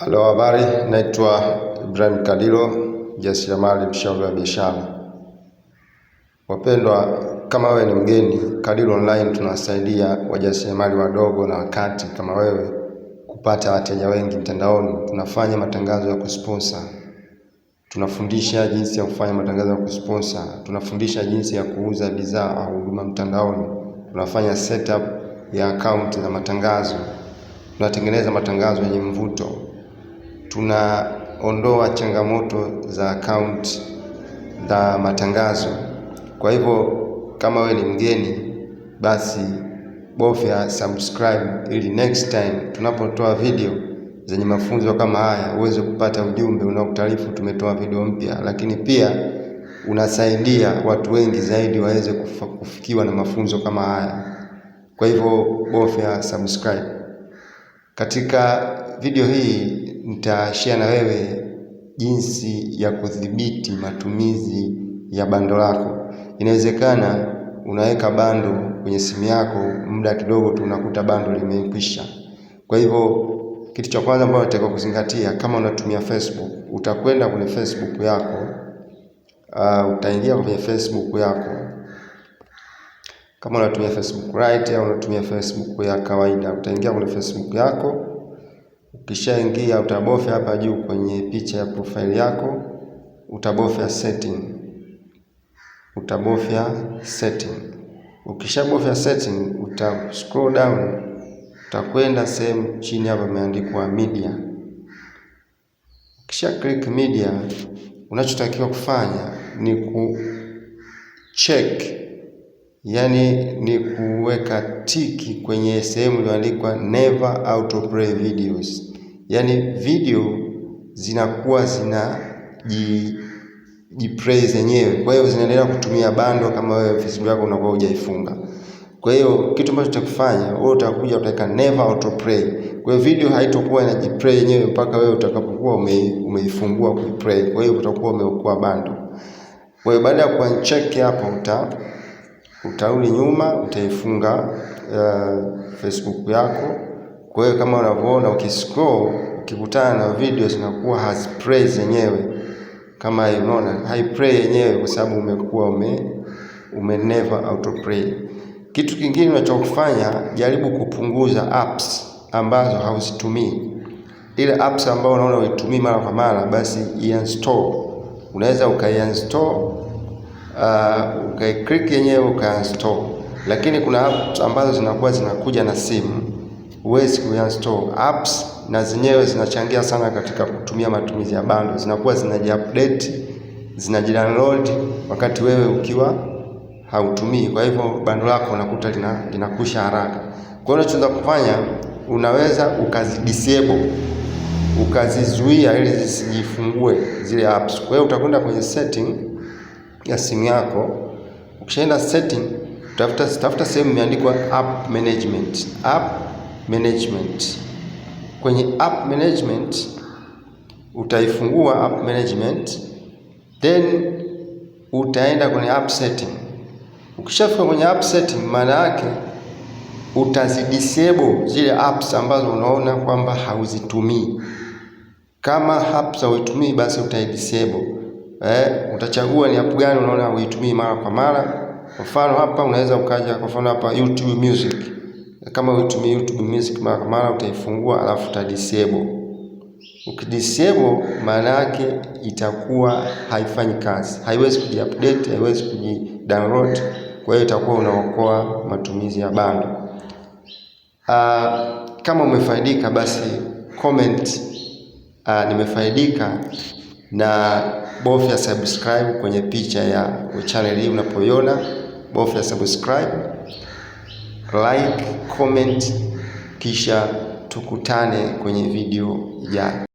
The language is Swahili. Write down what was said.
Halo, habari. Naitwa Ibrahim Kadilo, jasiriamali, mshauri wa biashara. Wapendwa, kama wewe ni mgeni, Kadilo Online tunawasaidia wajasiriamali wadogo na wakati kama wewe kupata wateja wengi mtandaoni. Tunafanya matangazo ya kusponsa, tunafundisha jinsi ya kufanya matangazo ya kusponsa, tunafundisha jinsi ya kuuza bidhaa au huduma mtandaoni, tunafanya setup ya akaunti za matangazo, tunatengeneza matangazo yenye mvuto tunaondoa changamoto za akaunti za matangazo. Kwa hivyo kama we ni mgeni, basi bofya subscribe ili next time tunapotoa video zenye mafunzo kama haya uweze kupata ujumbe unaokutaarifu tumetoa video mpya, lakini pia unasaidia watu wengi zaidi waweze kufikiwa na mafunzo kama haya. Kwa hivyo bofya subscribe katika video hii nitashare na wewe jinsi ya kudhibiti matumizi ya bando lako. Inawezekana unaweka bando kwenye simu yako, muda kidogo tu unakuta bando limekwisha. Kwa hivyo kitu cha kwanza ambacho unatakiwa kuzingatia, kama unatumia Facebook, utakwenda kwenye Facebook yako, uh, utaingia kwenye Facebook yako kama unatumia Facebook Lite au unatumia Facebook ya kawaida, utaingia kwenye Facebook yako Ukishaingia utabofya hapa juu kwenye picha ya profile yako, utabofya setting, utabofya setting. Ukishabofya setting, uta scroll down, utakwenda sehemu chini hapa imeandikwa media. Ukisha click media, unachotakiwa kufanya ni check yani ni kuweka tiki kwenye sehemu iliyoandikwa never autoplay videos, yani video zinakuwa zinajiplay zenyewe, kwa hiyo zinaendelea kutumia bando kama wewe Facebook yako unakuwa hujaifunga. Kwa hiyo kitu ambacho utakifanya wewe utakuja utaweka never autoplay. Kwa hiyo video haitokuwa inajiplay yenyewe mpaka wewe utakapokuwa umeifungua kuiplay. Kwa hiyo utakuwa umeokoa bando. Kwa hiyo baada ya kuuncheck hapo uta utarudi nyuma utaifunga uh, Facebook yako. Kwa hiyo kama unavyoona ukiscroll, ukikutana na video zinakuwa haziplay zenyewe kama hiyo, unaona haiplay yenyewe kwa sababu umekuwa ume, ume never autoplay. Kitu kingine unachokufanya jaribu kupunguza apps ambazo hauzitumii. Ile apps ambayo unaona uitumii mara kwa mara, basi uinstall. Unaweza ukaiinstall uh, ukai click yenyewe ukainstall, lakini kuna apps ambazo zinakuwa zinakuja na simu huwezi kuinstall apps, na zenyewe zinachangia sana katika kutumia matumizi ya bando, zinakuwa zinajiupdate zinajidownload wakati wewe ukiwa hautumii. Kwa hivyo bando lako unakuta linakusha haraka. Kwa hiyo unachoweza kufanya unaweza ukazidisable ukazizuia ili zisijifungue zile apps. Kwa hiyo utakwenda kwenye setting ya simu yako, ukishaenda setting, tafuta tafuta sehemu imeandikwa app management. App management, kwenye app management utaifungua app management, then utaenda kwenye app setting. Ukishafika kwenye app setting, maana yake utazidisable zile apps ambazo unaona kwamba hauzitumii. Kama apps hauitumii, basi utaidisable eh, utachagua ni app gani unaona uitumii mara kwa mara. Kwa mfano hapa unaweza ukaja, kwa mfano hapa YouTube Music, kama uitumii YouTube Music mara kwa mara utaifungua, alafu uta disable. Ukidisable maana yake itakuwa haifanyi kazi, haiwezi kujiupdate, haiwezi kujidownload, kwa hiyo itakuwa unaokoa matumizi ya bando. Uh, ah, kama umefaidika basi comment uh, nimefaidika na bofya subscribe kwenye picha ya channel hii unapoiona, bofya subscribe, like, comment, kisha tukutane kwenye video ijayo.